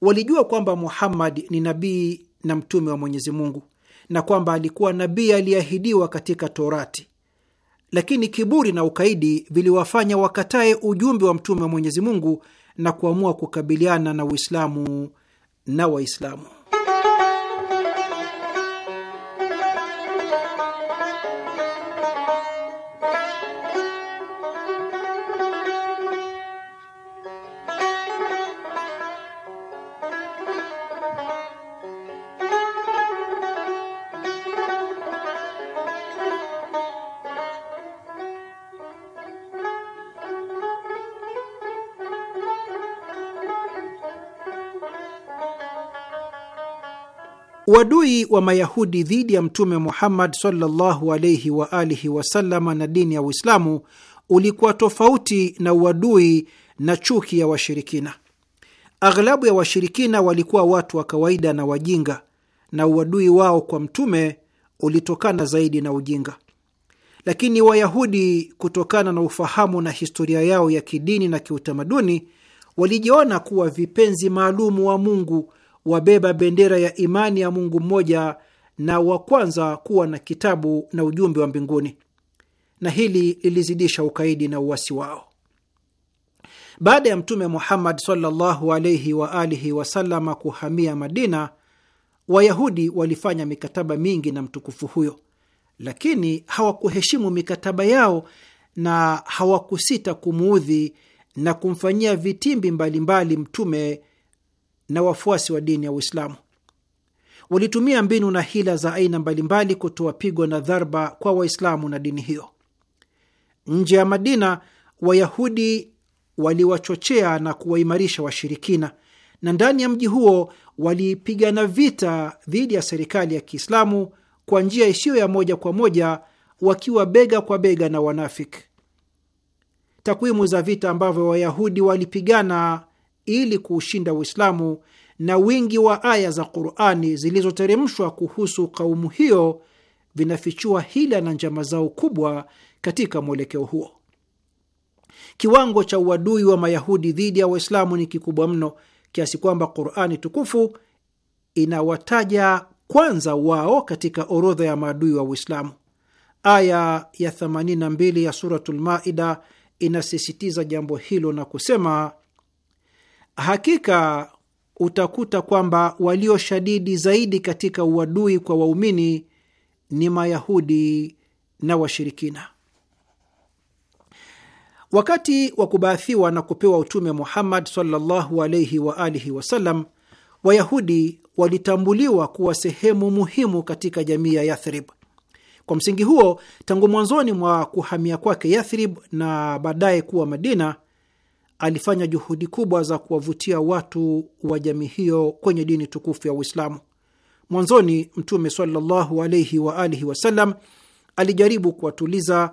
Walijua kwamba Muhammad ni nabii na mtume wa Mwenyezi Mungu na kwamba alikuwa nabii aliyeahidiwa katika Torati, lakini kiburi na ukaidi viliwafanya wakatae ujumbe wa mtume wa Mwenyezi Mungu na kuamua kukabiliana na Uislamu na Waislamu. Uadui wa Mayahudi dhidi ya Mtume Muhammad sallallahu alaihi wa alihi na dini ya Uislamu ulikuwa tofauti na uadui na chuki ya washirikina. Aghlabu ya washirikina walikuwa watu wa kawaida na wajinga, na uadui wao kwa mtume ulitokana zaidi na ujinga. Lakini Wayahudi, kutokana na ufahamu na historia yao ya kidini na kiutamaduni, walijiona kuwa vipenzi maalumu wa Mungu wabeba bendera ya imani ya Mungu mmoja na wa kwanza kuwa na kitabu na ujumbe wa mbinguni, na hili lilizidisha ukaidi na uwasi wao. Baada ya Mtume Muhammad sallallahu alaihi wa alihi wasalama kuhamia Madina, Wayahudi walifanya mikataba mingi na mtukufu huyo, lakini hawakuheshimu mikataba yao na hawakusita kumuudhi na kumfanyia vitimbi mbalimbali mbali Mtume na wafuasi wa dini ya Uislamu. Walitumia mbinu na hila za aina mbalimbali kutoa pigo na dharba kwa Waislamu na dini hiyo. Nje ya Madina, Wayahudi waliwachochea na kuwaimarisha washirikina, na ndani ya mji huo walipigana vita dhidi ya serikali ya Kiislamu kwa njia isiyo ya moja kwa moja, wakiwa bega kwa bega na wanafiki. Takwimu za vita ambavyo Wayahudi walipigana ili kuushinda Uislamu, na wingi wa aya za Qurani zilizoteremshwa kuhusu kaumu hiyo vinafichua hila na njama zao kubwa katika mwelekeo huo. Kiwango cha uadui wa Mayahudi dhidi ya Waislamu ni kikubwa mno kiasi kwamba Qurani tukufu inawataja kwanza wao katika orodha ya maadui wa Uislamu. Aya ya 82 ya Suratul Maida inasisitiza jambo hilo na kusema Hakika utakuta kwamba walioshadidi zaidi katika uadui kwa waumini ni Mayahudi na washirikina. Wakati wa kubaathiwa na kupewa utume Muhammad sallallahu alaihi wa alihi wasallam, Wayahudi walitambuliwa kuwa sehemu muhimu katika jamii ya Yathrib. Kwa msingi huo, tangu mwanzoni mwa kuhamia kwake Yathrib na baadaye kuwa Madina, alifanya juhudi kubwa za kuwavutia watu wa jamii hiyo kwenye dini tukufu ya Uislamu. Mwanzoni Mtume sallallahu alaihi wa alihi wasallam alijaribu kuwatuliza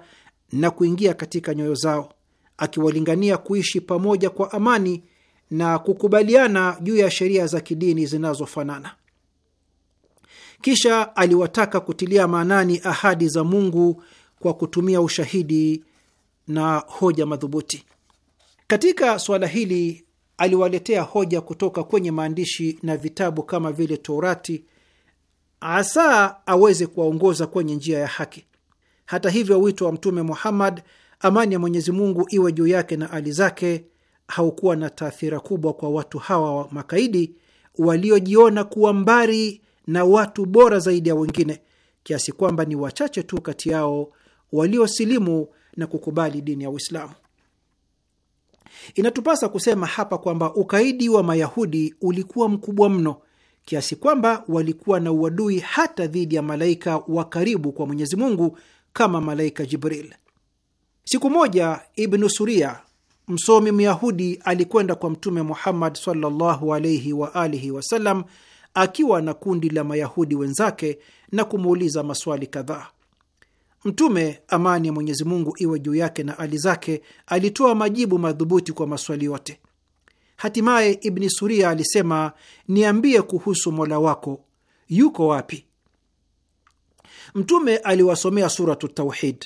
na kuingia katika nyoyo zao, akiwalingania kuishi pamoja kwa amani na kukubaliana juu ya sheria za kidini zinazofanana. Kisha aliwataka kutilia maanani ahadi za Mungu kwa kutumia ushahidi na hoja madhubuti. Katika suala hili aliwaletea hoja kutoka kwenye maandishi na vitabu kama vile Torati, asa aweze kuwaongoza kwenye njia ya haki. Hata hivyo, wito wa Mtume Muhammad, amani ya Mwenyezi Mungu iwe juu yake na ali zake, haukuwa na taathira kubwa kwa watu hawa wa makaidi waliojiona kuwa mbari na watu bora zaidi ya wengine, kiasi kwamba ni wachache tu kati yao waliosilimu na kukubali dini ya Uislamu. Inatupasa kusema hapa kwamba ukaidi wa Mayahudi ulikuwa mkubwa mno kiasi kwamba walikuwa na uadui hata dhidi ya malaika wa karibu kwa Mwenyezi Mungu kama malaika Jibril. Siku moja Ibnu Suria msomi Myahudi alikwenda kwa Mtume Muhammad sallallahu alaihi wa alihi wasallam akiwa na kundi la Mayahudi wenzake na kumuuliza maswali kadhaa. Mtume, amani ya Mwenyezi Mungu iwe juu yake na ali zake, alitoa majibu madhubuti kwa maswali yote. Hatimaye Ibni Suria alisema, niambie kuhusu mola wako, yuko wapi? Mtume aliwasomea Suratu Tauhid.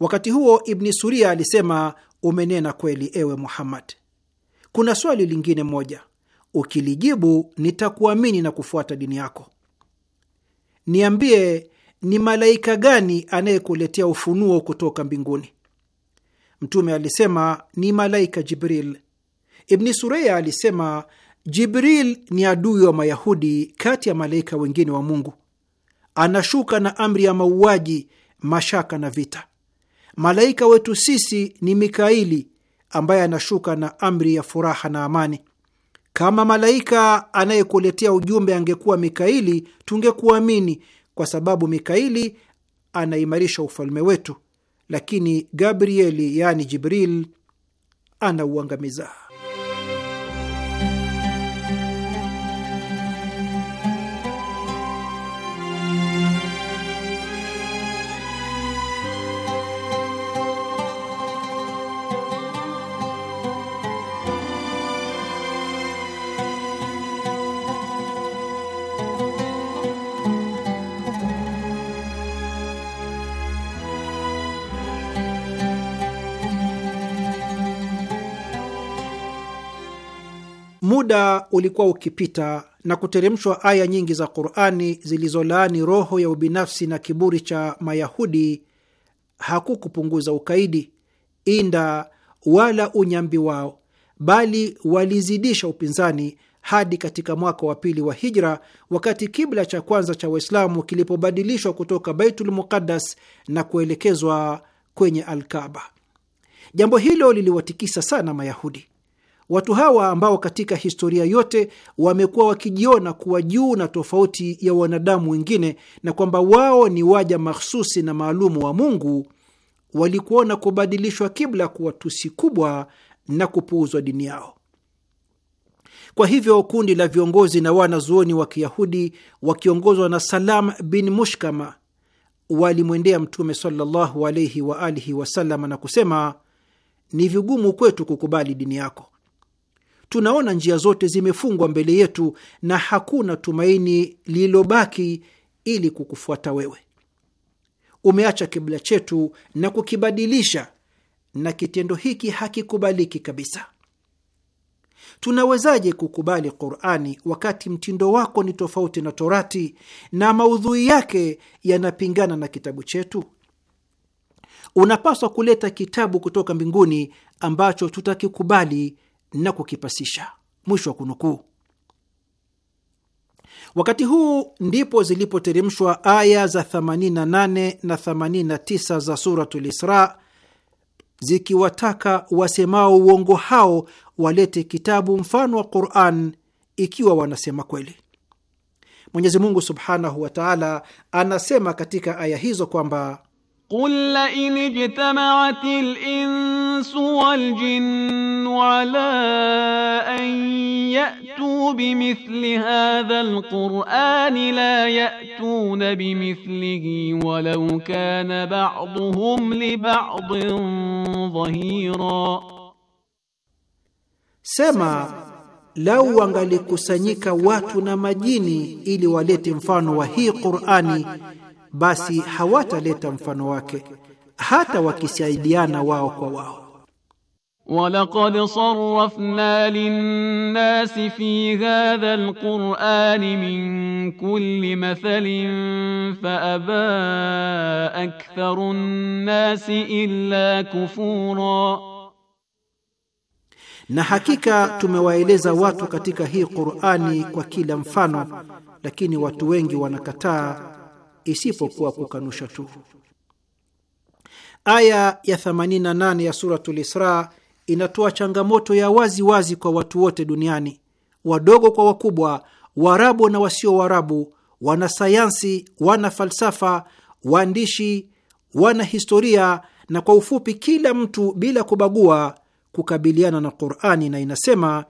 Wakati huo Ibni Suria alisema, umenena kweli, ewe Muhammad. Kuna swali lingine moja, ukilijibu nitakuamini na kufuata dini yako. Niambie ni malaika gani anayekuletea ufunuo kutoka mbinguni? Mtume alisema ni malaika Jibril. Ibni Sureya alisema Jibril ni adui wa Mayahudi kati ya malaika wengine wa Mungu. Anashuka na amri ya mauaji, mashaka na vita. Malaika wetu sisi ni Mikaili ambaye anashuka na amri ya furaha na amani. Kama malaika anayekuletea ujumbe angekuwa Mikaili, tungekuamini kwa sababu Mikaili anaimarisha ufalme wetu, lakini Gabrieli yaani Jibril anauangamiza. Muda ulikuwa ukipita na kuteremshwa aya nyingi za Qurani zilizolaani roho ya ubinafsi na kiburi cha Mayahudi hakukupunguza ukaidi, inda wala unyambi wao, bali walizidisha upinzani hadi katika mwaka wa pili wa Hijra, wakati kibla cha kwanza cha Waislamu kilipobadilishwa kutoka Baitul Muqaddas na kuelekezwa kwenye Alkaba. Jambo hilo liliwatikisa sana Mayahudi. Watu hawa ambao katika historia yote wamekuwa wakijiona kuwa juu na tofauti ya wanadamu wengine na kwamba wao ni waja mahsusi na maalumu wa Mungu, walikuona kubadilishwa kibla kuwa tusi kubwa na kupuuzwa dini yao. Kwa hivyo kundi la viongozi na wanazuoni wa Kiyahudi wakiongozwa na Salam bin Mushkama walimwendea Mtume sallallahu alaihi waalihi wasalama na kusema, ni vigumu kwetu kukubali dini yako tunaona njia zote zimefungwa mbele yetu na hakuna tumaini lililobaki ili kukufuata wewe. Umeacha kibla chetu na kukibadilisha, na kitendo hiki hakikubaliki kabisa. Tunawezaje kukubali Qur'ani wakati mtindo wako ni tofauti na Torati na maudhui yake yanapingana na kitabu chetu? Unapaswa kuleta kitabu kutoka mbinguni ambacho tutakikubali na kukipasisha. Mwisho wa kunukuu. Wakati huu ndipo zilipoteremshwa aya za 88 na 89 za Suratul Isra zikiwataka wasemao uongo hao walete kitabu mfano wa Quran ikiwa wanasema kweli. Mwenyezi Mungu subhanahu wa taala anasema katika aya hizo kwamba قل لئن اجتمعت الإنس والجن على أن يأتوا بمثل هذا القرآن لا يأتون بمثله ولو كان بعضهم لبعض ظهيرا سما لو وانغلي كسانيكا واتنا majini الي walete انفانو وهي قراني basi hawataleta mfano wake hata wakisaidiana wao kwa wao. Walaqad sarrafna linnasi fi hadha alqur'ani min kulli mathalin aba aktharu an-nasi illa kufura, na hakika tumewaeleza watu katika hii Qur'ani kwa kila mfano, lakini watu wengi wanakataa isipokuwa kukanusha tu. Aya ya 88 ya Suratul Isra inatoa changamoto ya wazi wazi kwa watu wote duniani, wadogo kwa wakubwa, Waarabu na wasio Waarabu, wanasayansi, wana falsafa, waandishi, wana historia na kwa ufupi, kila mtu bila kubagua, kukabiliana na Qur'ani, na inasema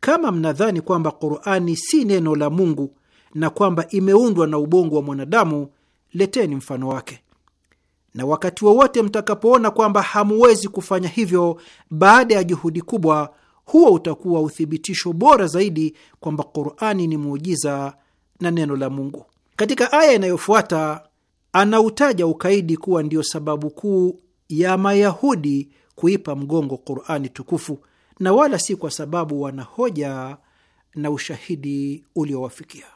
kama mnadhani kwamba Qur'ani si neno la Mungu na kwamba imeundwa na ubongo wa mwanadamu, leteni mfano wake. Na wakati wowote wa mtakapoona kwamba hamuwezi kufanya hivyo baada ya juhudi kubwa, huo utakuwa uthibitisho bora zaidi kwamba Qur'ani ni muujiza na neno la Mungu. Katika aya inayofuata anautaja ukaidi kuwa ndiyo sababu kuu ya Mayahudi kuipa mgongo Qur'ani tukufu na wala si kwa sababu wana hoja na ushahidi uliowafikia.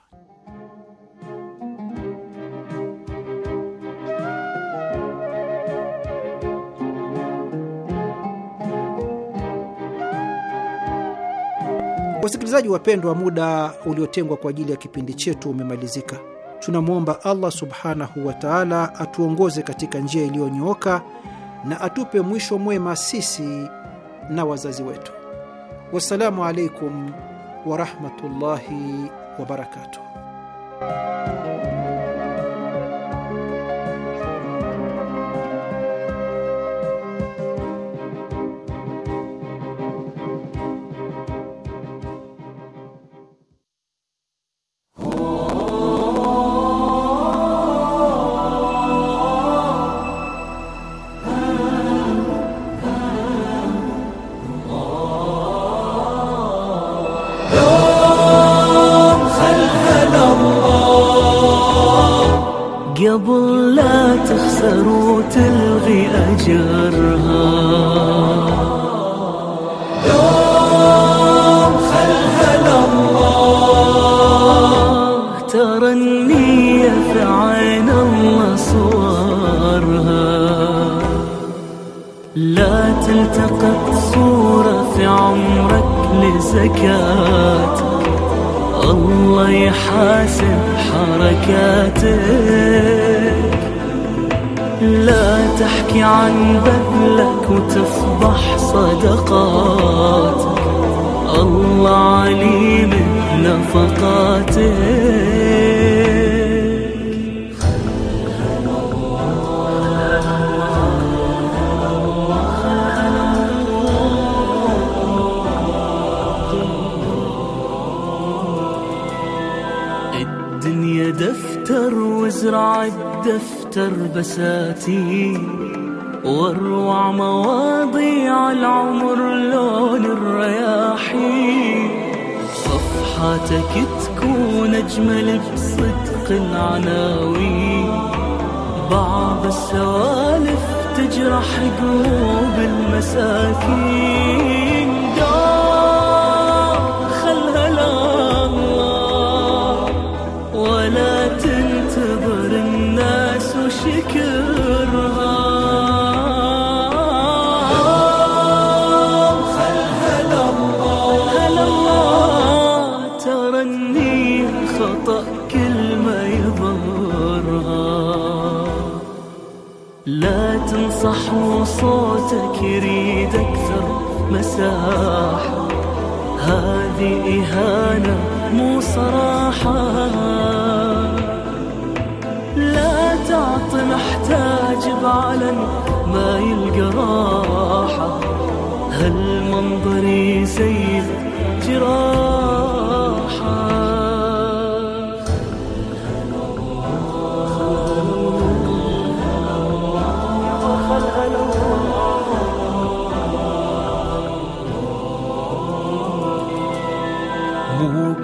Wasikilizaji wapendwa, muda uliotengwa kwa ajili ya kipindi chetu umemalizika. Tunamwomba Allah subhanahu wa taala atuongoze katika njia iliyonyooka na atupe mwisho mwema sisi na wazazi wetu. Wassalamu alaikum warahmatullahi wabarakatuh. يريد أكثر مساحة هذه إهانة مو صراحة لا تعطي محتاج بعلن ما يلقى راحة هالمنظر يسيب جراحة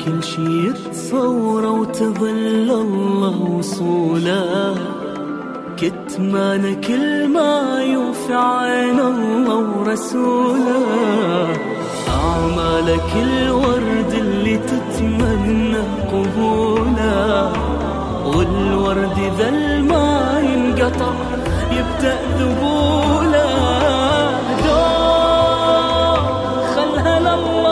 كل شي يتصوره وتظل الله وصوله كتمانه كل ما يوفي عين الله ورسوله أعمالك الورد اللي تتمنى قبوله والورد ذا الما ينقطع يبدأ ذبوله دور خلها لله